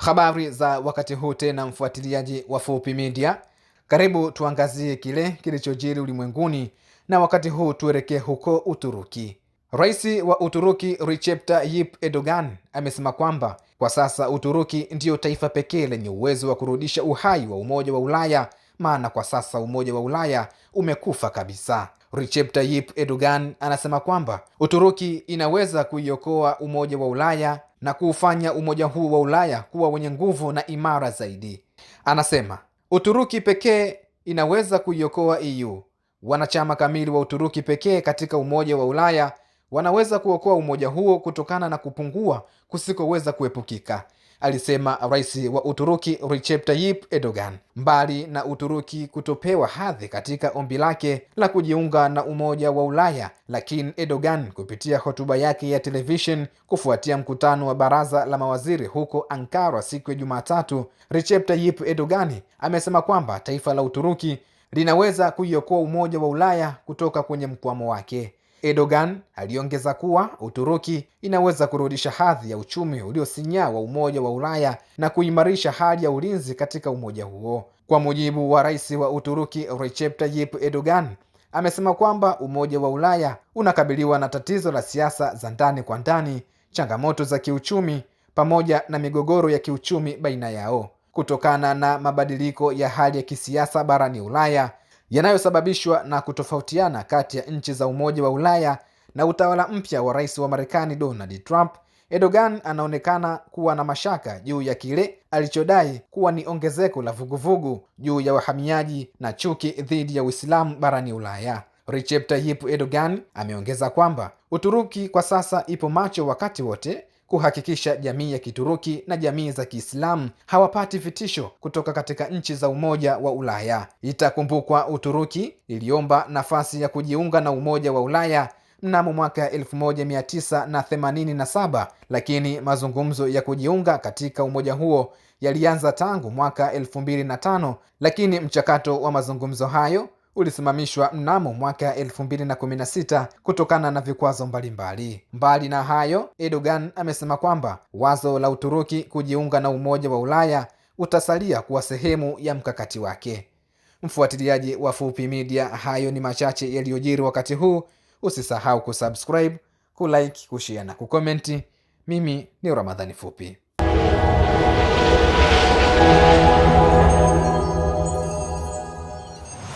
Habari za wakati huu tena, mfuatiliaji wa Fupi Media, karibu tuangazie kile kilichojiri ulimwenguni, na wakati huu tuelekee huko Uturuki. Rais wa Uturuki Recep Tayyip Erdogan amesema kwamba kwa sasa Uturuki ndiyo taifa pekee lenye uwezo wa kurudisha uhai wa Umoja wa Ulaya, maana kwa sasa Umoja wa Ulaya umekufa kabisa. Recep Tayyip Erdogan anasema kwamba Uturuki inaweza kuiokoa Umoja wa Ulaya na kuufanya umoja huu wa Ulaya kuwa wenye nguvu na imara zaidi. Anasema Uturuki pekee inaweza kuiokoa EU. Wanachama kamili wa Uturuki pekee katika Umoja wa Ulaya wanaweza kuokoa umoja huo kutokana na kupungua kusikoweza kuepukika alisema rais wa Uturuki Recep Tayyip Erdogan. Mbali na Uturuki kutopewa hadhi katika ombi lake la kujiunga na Umoja wa Ulaya, lakini Erdogan kupitia hotuba yake ya televishen kufuatia mkutano wa baraza la mawaziri huko Ankara siku ya Jumatatu, Recep Tayyip Erdogan amesema kwamba taifa la Uturuki linaweza kuiokoa Umoja wa Ulaya kutoka kwenye mkwamo wake. Erdogan aliongeza kuwa Uturuki inaweza kurudisha hadhi ya uchumi uliosinyaa wa Umoja wa Ulaya na kuimarisha hali ya ulinzi katika umoja huo. Kwa mujibu wa rais wa Uturuki Recep Tayyip Erdogan, amesema kwamba Umoja wa Ulaya unakabiliwa na tatizo la siasa za ndani kwa ndani, changamoto za kiuchumi pamoja na migogoro ya kiuchumi baina yao kutokana na mabadiliko ya hali ya kisiasa barani Ulaya yanayosababishwa na kutofautiana kati ya nchi za Umoja wa Ulaya na utawala mpya wa rais wa Marekani Donald Trump. Erdogan anaonekana kuwa na mashaka juu ya kile alichodai kuwa ni ongezeko la vuguvugu juu ya wahamiaji na chuki dhidi ya Uislamu barani Ulaya. Recep Tayyip Erdogan ameongeza kwamba Uturuki kwa sasa ipo macho wakati wote kuhakikisha jamii ya Kituruki na jamii za Kiislamu hawapati vitisho kutoka katika nchi za Umoja wa Ulaya. Itakumbukwa Uturuki iliomba nafasi ya kujiunga na Umoja wa Ulaya mnamo mwaka 1987 lakini mazungumzo ya kujiunga katika umoja huo yalianza tangu mwaka 2005 lakini mchakato wa mazungumzo hayo ulisimamishwa mnamo mwaka 2016 kutokana na vikwazo mbalimbali. Mbali na hayo, Erdogan amesema kwamba wazo la Uturuki kujiunga na Umoja wa Ulaya utasalia kuwa sehemu ya mkakati wake. Mfuatiliaji wa Fupi Media, hayo ni machache yaliyojiri wakati huu. Usisahau kusubscribe, kulike, kushare na kukomenti. Mimi ni Ramadhani Fupi.